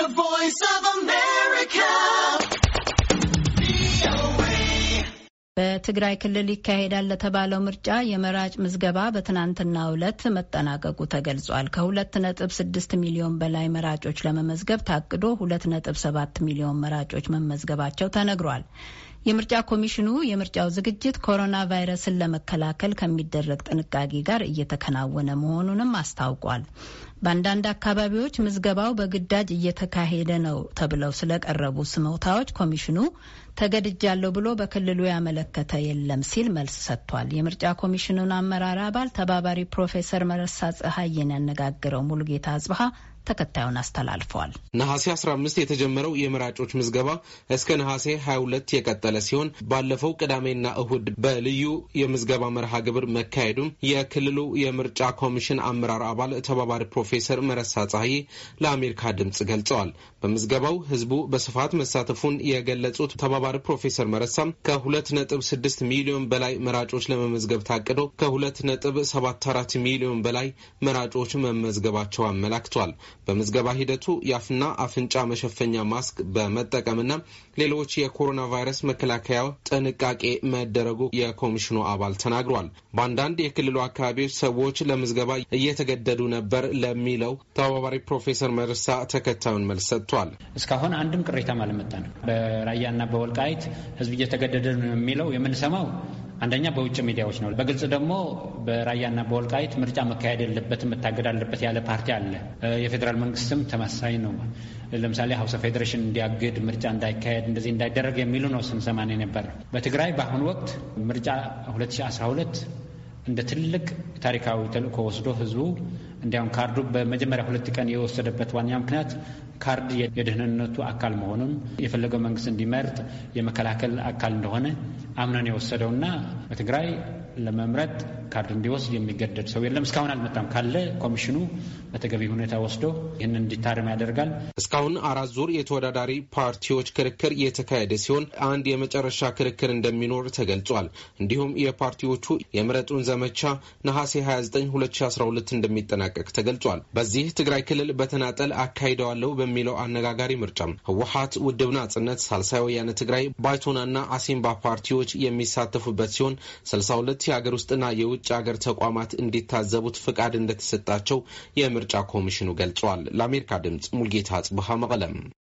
The Voice of America. በትግራይ ክልል ይካሄዳል ለተባለው ምርጫ የመራጭ ምዝገባ በትናንትናው ዕለት መጠናቀቁ ተገልጿል። ከ2.6 ሚሊዮን በላይ መራጮች ለመመዝገብ ታቅዶ 2.7 ሚሊዮን መራጮች መመዝገባቸው ተነግሯል። የምርጫ ኮሚሽኑ የምርጫው ዝግጅት ኮሮና ቫይረስን ለመከላከል ከሚደረግ ጥንቃቄ ጋር እየተከናወነ መሆኑንም አስታውቋል። በአንዳንድ አካባቢዎች ምዝገባው በግዳጅ እየተካሄደ ነው ተብለው ስለቀረቡ ስሞታዎች ኮሚሽኑ ተገድጃለሁ ብሎ በክልሉ ያመለከተ የለም ሲል መልስ ሰጥቷል። የምርጫ ኮሚሽኑን አመራር አባል ተባባሪ ፕሮፌሰር መረሳ ፀሐይን ያነጋግረው ሙሉጌታ አጽብሀ ተከታዩን አስተላልፈዋል። ነሐሴ 15 የተጀመረው የመራጮች ምዝገባ እስከ ነሐሴ 22 የቀጠለ ሲሆን ባለፈው ቅዳሜና እሁድ በልዩ የምዝገባ መርሃ ግብር መካሄዱም የክልሉ የምርጫ ኮሚሽን አመራር አባል ተባባሪ ፕሮፌሰር መረሳ ጸሐዬ ለአሜሪካ ድምፅ ገልጸዋል። በምዝገባው ህዝቡ በስፋት መሳተፉን የገለጹት ተባባሪ ፕሮፌሰር መረሳም ከ2.6 ሚሊዮን በላይ መራጮች ለመመዝገብ ታቅዶ ከ2.74 ሚሊዮን በላይ መራጮች መመዝገባቸው አመላክቷል። በምዝገባ ሂደቱ የአፍና አፍንጫ መሸፈኛ ማስክ በመጠቀምና ሌሎች የኮሮና ቫይረስ መከላከያ ጥንቃቄ መደረጉ የኮሚሽኑ አባል ተናግሯል። በአንዳንድ የክልሉ አካባቢዎች ሰዎች ለምዝገባ እየተገደዱ ነበር ለሚለው ተባባሪ ፕሮፌሰር መርሳ ተከታዩን መልስ ሰጥቷል። እስካሁን አንድም ቅሬታም አልመጣንም። በራያና በወልቃይት ህዝብ እየተገደደ ነው የሚለው የምንሰማው አንደኛ በውጭ ሚዲያዎች ነው። በግልጽ ደግሞ በራያና በወልቃይት ምርጫ መካሄድ የለበትም መታገድ አለበት ያለ ፓርቲ አለ። የፌዴራል መንግስትም ተመሳሳይ ነው። ለምሳሌ ሀውሰ ፌዴሬሽን እንዲያግድ ምርጫ እንዳይካሄድ እንደዚህ እንዳይደረግ የሚሉ ነው ስንሰማን ነበር። በትግራይ በአሁኑ ወቅት ምርጫ 2012 እንደ ትልቅ ታሪካዊ ተልእኮ ወስዶ ህዝቡ እንዲያውም ካርዱ በመጀመሪያ ሁለት ቀን የወሰደበት ዋንኛ ምክንያት ካርድ የደህንነቱ አካል መሆኑን የፈለገው መንግስት እንዲመርጥ የመከላከል አካል እንደሆነ አምነን የወሰደውና በትግራይ ለመምረጥ ካርድ እንዲወስድ የሚገደድ ሰው የለም። እስካሁን አልመጣም። ካለ ኮሚሽኑ በተገቢ ሁኔታ ወስዶ ይህንን እንዲታረም ያደርጋል። እስካሁን አራት ዙር የተወዳዳሪ ፓርቲዎች ክርክር የተካሄደ ሲሆን አንድ የመጨረሻ ክርክር እንደሚኖር ተገልጿል። እንዲሁም የፓርቲዎቹ የምረጡን ዘመቻ ነሐሴ 29 2012 እንደሚጠናቀቅ ተገልጿል። በዚህ ትግራይ ክልል በተናጠል አካሂደዋለሁ በሚለው አነጋጋሪ ምርጫም ህወሀት፣ ውድብ ናጽነት፣ ሳልሳይ ወያነ ትግራይ፣ ባይቶናና አሲምባ ፓርቲዎች ድርጅቶች የሚሳተፉበት ሲሆን 62 የአገር ውስጥና የውጭ ሀገር ተቋማት እንዲታዘቡት ፍቃድ እንደተሰጣቸው የምርጫ ኮሚሽኑ ገልጿል። ለአሜሪካ ድምጽ ሙልጌታ አጽብሃ መቀለም